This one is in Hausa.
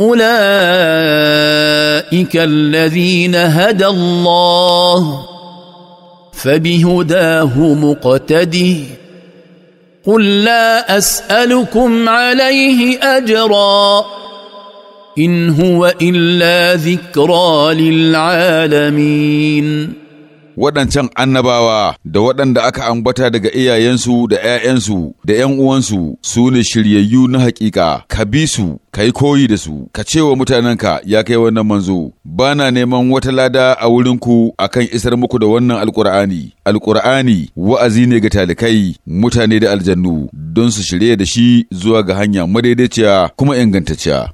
اولئك الذين هدى الله فبهداه مقتدي قل لا اسالكم عليه اجرا ان هو الا ذكرى للعالمين waɗancan annabawa da waɗanda aka ambata daga iyayensu da ‘ya'yansu da ‘yan uwansu su ne shiryayyu na haƙiƙa. ka bi su, ka yi koyi da su, ka ce wa mutanenka ya kai wannan manzo, ba na neman wata lada a wurinku a kan isar muku da wannan alkur'ani. Alkur'ani wa'azi ne ga talikai, mutane da aljannu, don su shirye da shi zuwa ga hanya madaidaiciya kuma ingantacciya.